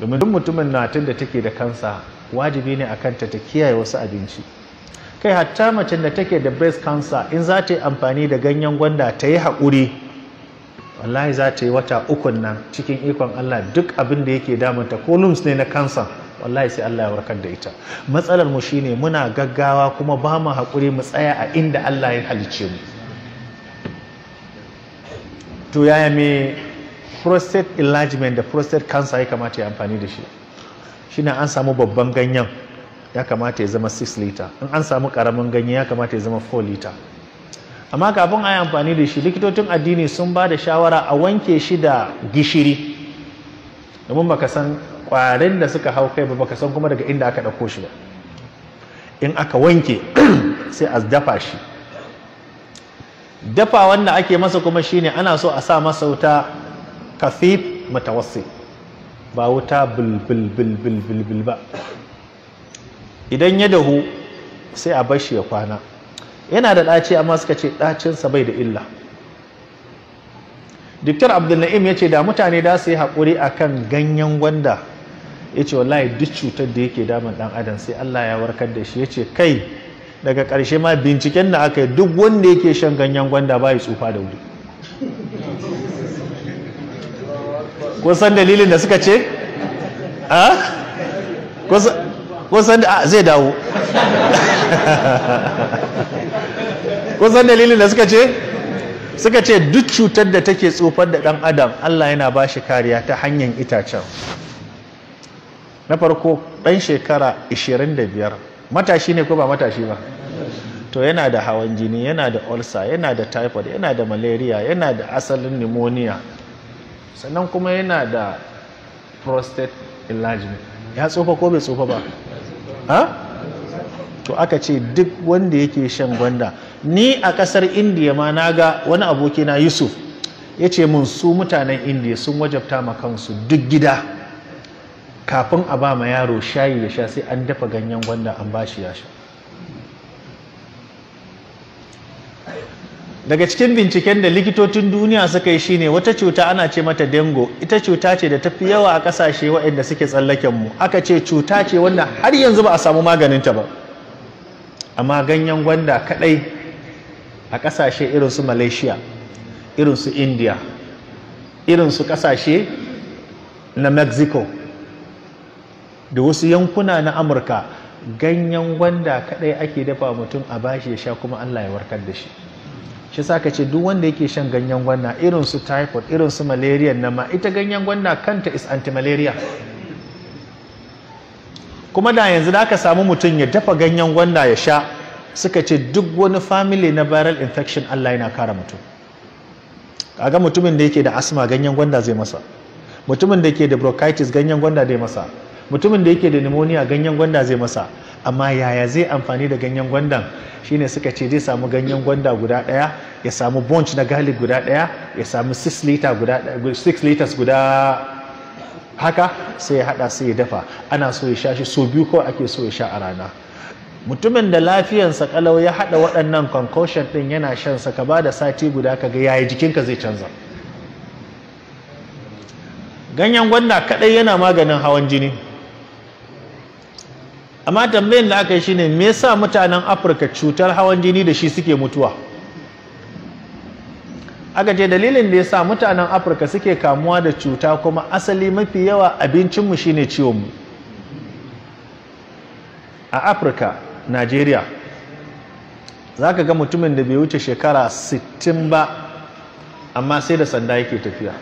domin mutumin matar da take da kansa wajibi ne a kanta ta kiyaye wasu abinci kai hatta macen da take da breast cancer in za ta yi amfani da ganyen gwanda ta yi haƙuri wallahi za ta yi wata ukun nan cikin ikon Allah duk abin da yake damunta columns ne na kansa wallahi sai Allah ya warkar da ita matsalar mu shine muna gaggawa kuma ba mu haƙuri mu tsaya a inda Allah ya halice mu to yaya me prostate enlargement da prostate cancer ya kamata ya amfani da shi shine an samu babban ganyen ya kamata ya zama 6 liter in an samu karamin ganye ya kamata ya zama 4 liter amma kafin a yi amfani da shi likitocin addini sun ba da shawara a wanke shi da gishiri domin baka san kwarin da suka hau kai ba baka san kuma daga inda aka ɗauko shi ba in aka wanke sai a dafa shi dafa wanda ake masa kuma shine ana so a sa masa wuta kasif matawassit ba wuta bulbulbulbulbul ba idan ya dahu sai a bar ya kwana yana da ɗaci amma suka ce ɗacinsa bai da illa diktar abdulna'im ya ce da mutane da su yi haƙuri a kan ganyen gwanda ya ce wallahi duk cutar da yake damun ɗan adam sai allah ya warkar da shi ya ce kai daga ƙarshe ma binciken da aka yi duk wanda yake shan ganyen gwanda ba ya tsufa da wuri kun san dalilin da suka ce a kun san zai dawo kun san dalilin da suka ce suka ce duk cutar da take tsofar da ɗan adam Allah yana ba shi kariya ta hanyar itacen na farko ɗan shekara 25 matashi ne ko ba matashi ba to yana da hawan jini yana da ulcer yana da typhoid yana da malaria yana da asalin pneumonia sannan kuma yana da prostate enlargement ya tsufa ko bai tsufa ba ha? to aka ce duk wanda yake shan gwanda ni a kasar indiya ma na ga wani aboki na yusuf ya ce mun su mutanen indiya sun wajabta ma kansu duk gida kafin a ba ma yaro shayi ya sha sai an dafa ganyen gwanda an ba shi ya sha daga cikin binciken da likitocin duniya suka yi shine wata cuta ana ce mata dengo ita cuta ce da tafi yawa a kasashe waɗanda suke tsallaken mu aka ce cuta ce wanda har yanzu ba a samu ta ba amma ganyen gwanda kadai a kasashe irin su malaysia irin su india irin su kasashe na mexico da wasu yankuna na amurka ganyen gwanda kaɗai ake dafa mutum a bashi ya sha kuma allah ya warkar da shi shi sa ka ce duk wanda yake shan ganyen gwanna irin su typhoid irin su malaria na ma ita ganyen gwanda kanta is anti-malaria kuma da yanzu da aka samu mutum ya dafa ganyen gwanda ya sha suka ce duk wani family na viral infection Allah yana kara mutum kaga mutumin da yake da asma ganyen gwanda zai masa mutumin da yake da bronchitis ganyen gwanda zai masa mutumin da yake da pneumonia ganyen gwanda zai masa amma yaya zai amfani da ganyen gwandan Shi ne suka ce zai samu ganyen gwanda guda ɗaya ya samu bunch na garlic guda ɗaya ya samu 6 liters guda haka sai ya hada sai ya dafa ana so ya sha shi so biyu kawai ake so ya sha a rana mutumin da lafiyansa kalau ya hada waɗannan concussion din yana shan sa ka ba da sati guda ka ga yayi jikinka zai canza ganyen gwanda kadai yana maganin hawan jini amma tambayin da aka yi shine me yasa mutanen afirka cutar hawan jini da shi suke mutuwa aka ce dalilin da ya sa mutanen afirka suke kamuwa da cuta kuma asali mafi yawa abincinmu shine ciwonmu a afirka najeriya za ka ga mutumin da bai wuce shekara 60 ba amma sai da sanda yake tafiya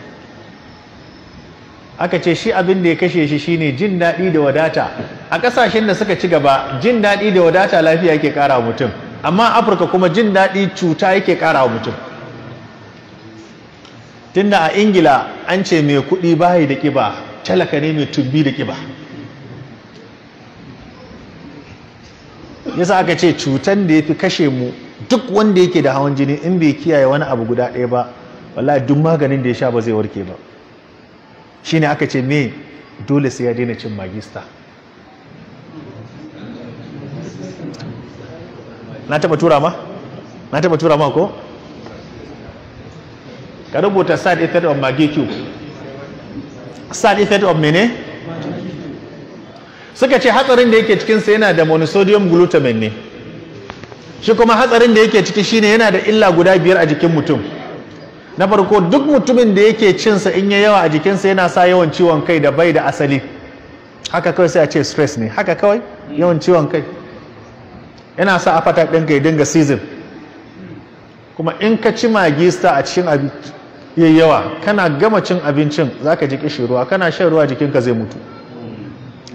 aka ce shi abin da ya kashe shi shine jin daɗi da wadata a ƙasashen da suka ci gaba jin daɗi da wadata lafiya yake ƙara wa mutum amma afirka kuma jin daɗi cuta yake ƙara wa mutum tunda a ingila an ce mai kuɗi bayi da ƙiba talaka ne mai tubbi da ƙiba yasa aka ce cutan da ya fi kashe mu duk wanda yake da hawan jini in bai kiyaye wani abu guda ɗaya ba wallahi duk maganin da ya sha ba zai warke ba shine aka ce me dole sai ya daina cin magista na taba tura ma na taba tura ma ko ka rubuta side effect of magi cube side effect of mene suka ce hatsarin da yake cikinsa yana da monosodium glutamate ne shi kuma hatsarin da yake ciki shine yana da illa guda biyar a jikin mutum na farko duk mutumin da yake cinsa in ya yawa a jikinsa yana sa yawan ciwon kai da bai da asali haka kawai sai a ce stress ne haka kawai yawan ciwon kai yana sa fata ɗinka ya dinga season kuma in ka ci magista a cikin yayyawa yawa kana gama cin abincin za ka ji kishi ruwa kana shan ruwa jikinka zai mutu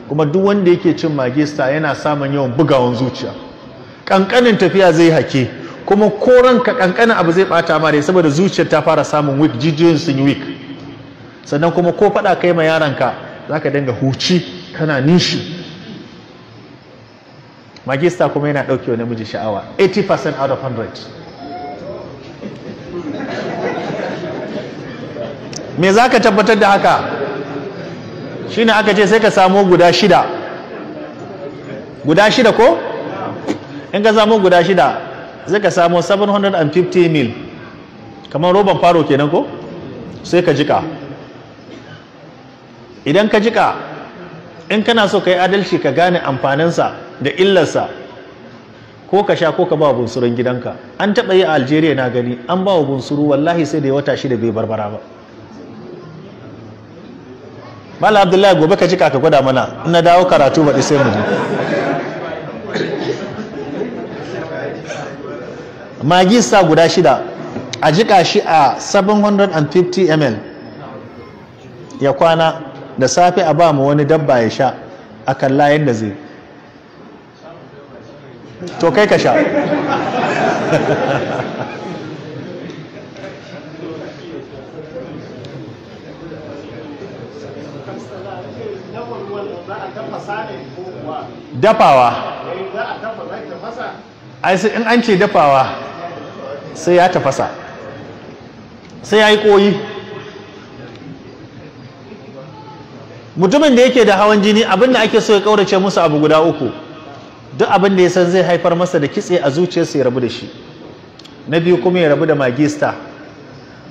kuma duk wanda yake cin magista yana samun yawan bugawan zuciya kankanin tafiya zai hake kuma ko ranka kankanin abu zai bata ma dai saboda zuciyar ta fara samun weak jijiyoyin sun yi weak sannan kuma ko faɗa kai ma yaranka ka dinga huci kana nishi magista kuma yana ɗauke wani miji sha'awa 80% out of 100 me za ka tabbatar da haka shine aka ce sai ka samo guda shida guda shida ko in ka samo guda shida sai ka samo 750 mil kamar roban faro kenan ko sai ka jika idan ka jika in kana so ka yi adalci ka gane amfaninsa da illarsa ko ka sha ko ka ba bunsurun gidanka an taɓa yi a algeria na gani an ba wa bunsuru wallahi sai da ya wata shida bai barbara ba mala abdullahi gobe ka ji ka gwada mana ina na dawo karatu baɗi sai mu je sa guda shida a jika shi a 750 ml ya kwana da safe a ba mu wani dabba ya sha a kalla yadda zai to kai ka sha dafawa in an ce dafawa sai ya tafasa sai ya yi koyi mutumin da yake da hawan jini abinda ake so ya kaurace musu abu guda uku duk abin da ya san zai haifar masa da kitse a zuciyarsa ya rabu da shi na biyu kuma ya rabu da magista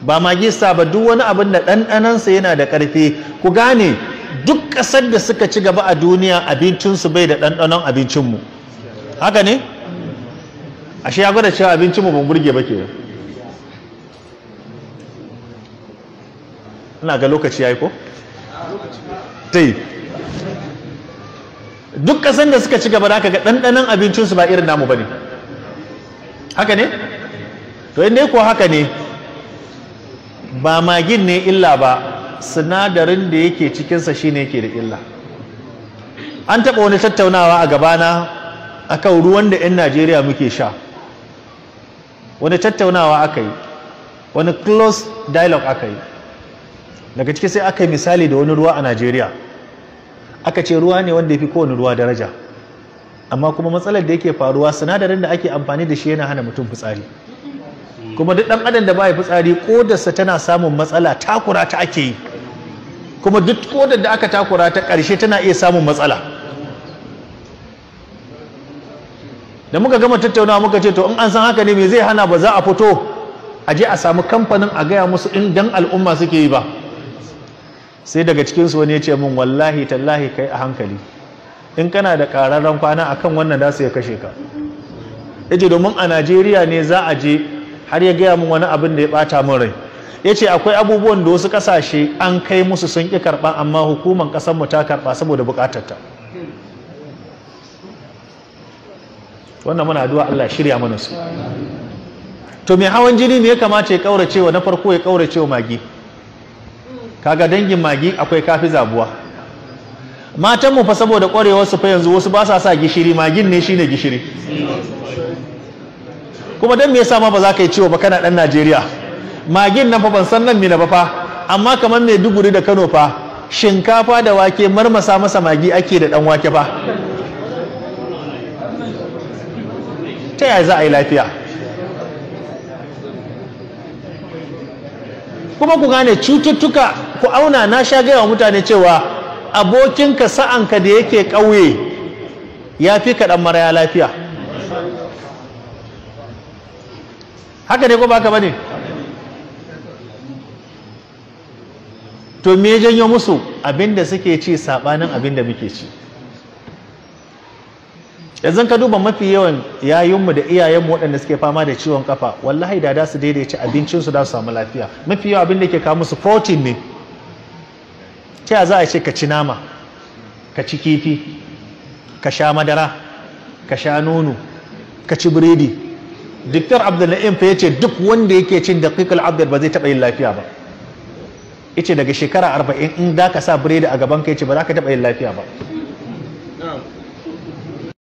ba magista ba duk wani abin da ɗanɗanansa yana da ƙarfi ku gane duk ƙasar da suka ci gaba a duniya abincinsu bai da ɗanɗanon abincinmu haka ne ashe ya gwada cewa abincinmu ban burge ba ke ina ga lokaci ya yi ko? duk ƙasan da suka ci gaba da ga ɗanɗanon abincinsu ba irin namu ba ne haka ne to inda ko haka ne ba magin ne illa ba sinadarin da yake cikinsa shine yake da illa an taɓa wani tattaunawa a gabana a kan ruwan da 'yan najeriya muke sha wani tattaunawa aka yi wani close dialogue aka yi daga ciki sai aka yi misali da wani ruwa a najeriya aka ce ruwa ne wanda ya fi kowane ruwa daraja amma kuma matsalar da yake faruwa sinadarin da ake amfani da shi yana hana mutum fitsari kuma duk dan adam da ba ya fitsari kodarsa tana samun matsala takura ta ake yi kuma duk kodar da aka takura ta ƙarshe tana iya samun matsala da muka gama tattaunawa muka ce to in an san haka ne me zai hana ba za a fito a je a samu kamfanin a gaya musu in dan al'umma suke yi ba sai daga cikin su wani ya ce min wallahi tallahi kai a hankali in kana da ƙararren kwana akan wannan da su ya kashe ka ya ce domin a najeriya ne za a je har ya gaya mun wani abin da ya bata min rai ya ce akwai abubuwan da wasu kasashe an kai musu sun ki karɓa amma hukumar mu ta karɓa saboda buƙatarta wannan muna addu'a Allah shirya mana su to mai hawan jini ne ya kamata ya ƙaurace wa na farko ya kaurace wa magi kaga dangin magi akwai kafi zabuwa matan mu fa saboda ƙwarewar su fa yanzu wasu ba sa sa gishiri magin ne shine gishiri kuma dan me yasa ma ba za ka yi ciwo ba kana dan Najeriya magin nan fa ban san nan mina ba fa amma kamar me duguri da Kano fa shinkafa da wake marmasa masa magi ake da dan wake fa ta yaya za a yi lafiya kuma ku gane cututtuka ku auna na sha gaya wa mutane cewa abokinka sa'anka da yake ƙauye ya fi kaɗan maraya lafiya haka ne ko baka bane to me janyo musu abinda suke ci sabanin abinda muke ci yanzu ka duba mafi yawan yayinmu da iyayenmu waɗanda suke fama da ciwon kafa wallahi da da su daidaita abincinsu da su samu lafiya mafi yawan abin da ke kawo musu protein ne ta za a ce ka ci nama ka ci kifi ka sha madara ka sha nono ka ci biredi diktar abdullahi fa ya ce duk wanda yake cin daƙiƙar abdul ba zai taɓa yin lafiya ba ice daga shekara arba'in in da ka sa biredi a gaban ka ya ce ba za ka taɓa yin lafiya ba